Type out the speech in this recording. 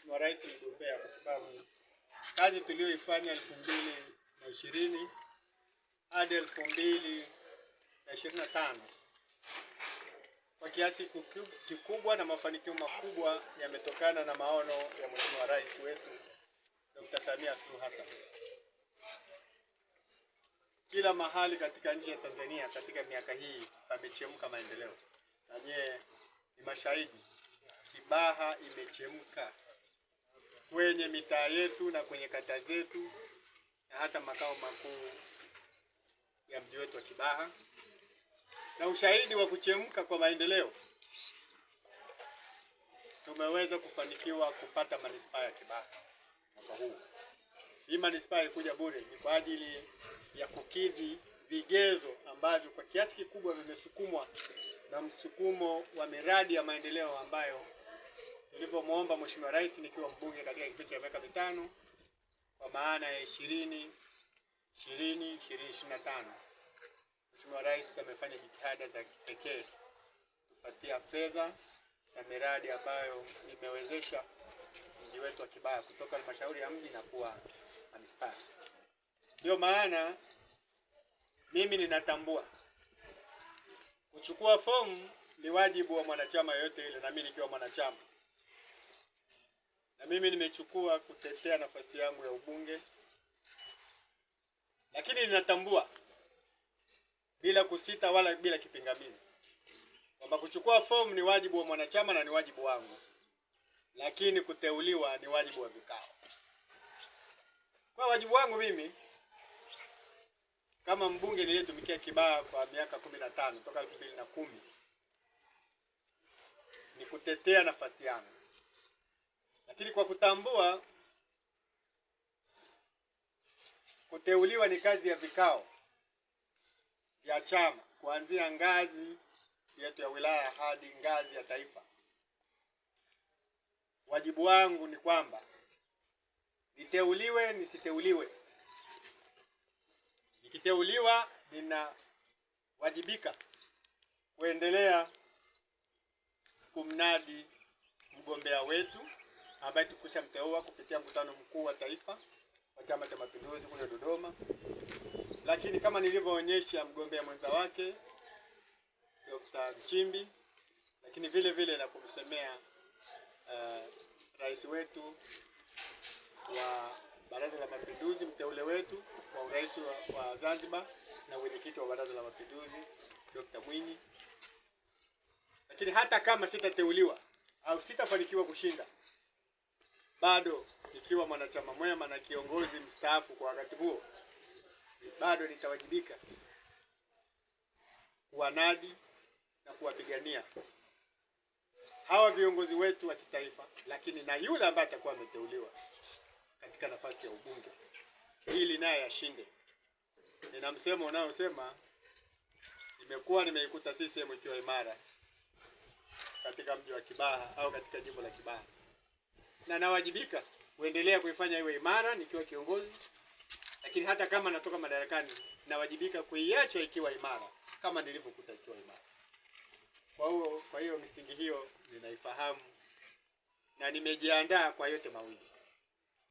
Mheshimiwa Rais mgombea kwa sababu kazi tuliyoifanya elfu mbili na ishirini hadi elfu mbili na ishirini na tano kwa kiasi kikubwa na mafanikio makubwa yametokana na maono ya Mheshimiwa Rais wetu Dr. Samia Suluhu Hassan. Kila mahali katika nchi ya Tanzania katika miaka hii pamechemka maendeleo, na nyie ni mashahidi. Kibaha imechemka kwenye mitaa yetu na kwenye kata zetu na hata makao makuu ya mji wetu wa Kibaha, na ushahidi wa kuchemka kwa maendeleo, tumeweza kufanikiwa kupata manispaa ya Kibaha mwaka huu. Hii manispaa ilikuja bure, ni kwa ajili ya kukidhi vigezo ambavyo kwa kiasi kikubwa vimesukumwa na msukumo wa miradi ya maendeleo ambayo nilivyomwomba Mheshimiwa Rais nikiwa mbunge katika kipindi cha miaka mitano kwa maana ya ishirini ishirini ishirini na tano Mheshimiwa Rais amefanya jitihada za kipekee kupatia fedha na miradi ambayo imewezesha mji wetu wa Kibaha kutoka halmashauri ya mji na kuwa manispaa. Ndiyo maana mimi ninatambua kuchukua fomu ni wajibu wa mwanachama yoyote ile, nami nikiwa mwanachama na mimi nimechukua kutetea nafasi yangu ya ubunge, lakini ninatambua bila kusita wala bila kipingamizi kwamba kuchukua fomu ni wajibu wa mwanachama na ni wajibu wangu, lakini kuteuliwa ni wajibu wa vikao. Kwa wajibu wangu mimi kama mbunge niliyetumikia Kibaha kwa miaka kumi na tano toka elfu mbili na kumi ni kutetea nafasi yangu lakini kwa kutambua kuteuliwa ni kazi ya vikao vya chama kuanzia ngazi yetu ya wilaya hadi ngazi ya taifa. Wajibu wangu ni kwamba niteuliwe nisiteuliwe, nikiteuliwa ninawajibika kuendelea kumnadi mgombea wetu ambaye tukusha mteua kupitia mkutano mkuu wa taifa wa Chama cha Mapinduzi kule Dodoma. Lakini kama nilivyoonyesha mgombea mwenza wake Dr. mchimbi lakini vile vile na kumsemea uh, rais wetu wa Baraza la Mapinduzi, mteule wetu wa urais wa, wa Zanzibar na mwenyekiti wa Baraza la Mapinduzi Dr. Mwinyi. Lakini hata kama sitateuliwa au sitafanikiwa kushinda bado ikiwa mwanachama mwema na kiongozi mstaafu kwa wakati huo, bado nitawajibika kuwanadi na kuwapigania hawa viongozi wetu wa kitaifa, lakini na yule ambaye atakuwa ameteuliwa katika nafasi ya ubunge ili naye ashinde. Nina msemo unaosema nimekuwa nimeikuta CCM ikiwa imara katika mji wa Kibaha au katika jimbo la Kibaha na nawajibika kuendelea kuifanya iwe imara nikiwa kiongozi, lakini hata kama natoka madarakani, nawajibika kuiacha ikiwa imara kama nilivyokuta ikiwa imara. Kwa hiyo kwa hiyo misingi hiyo ninaifahamu na nimejiandaa kwa yote mawili.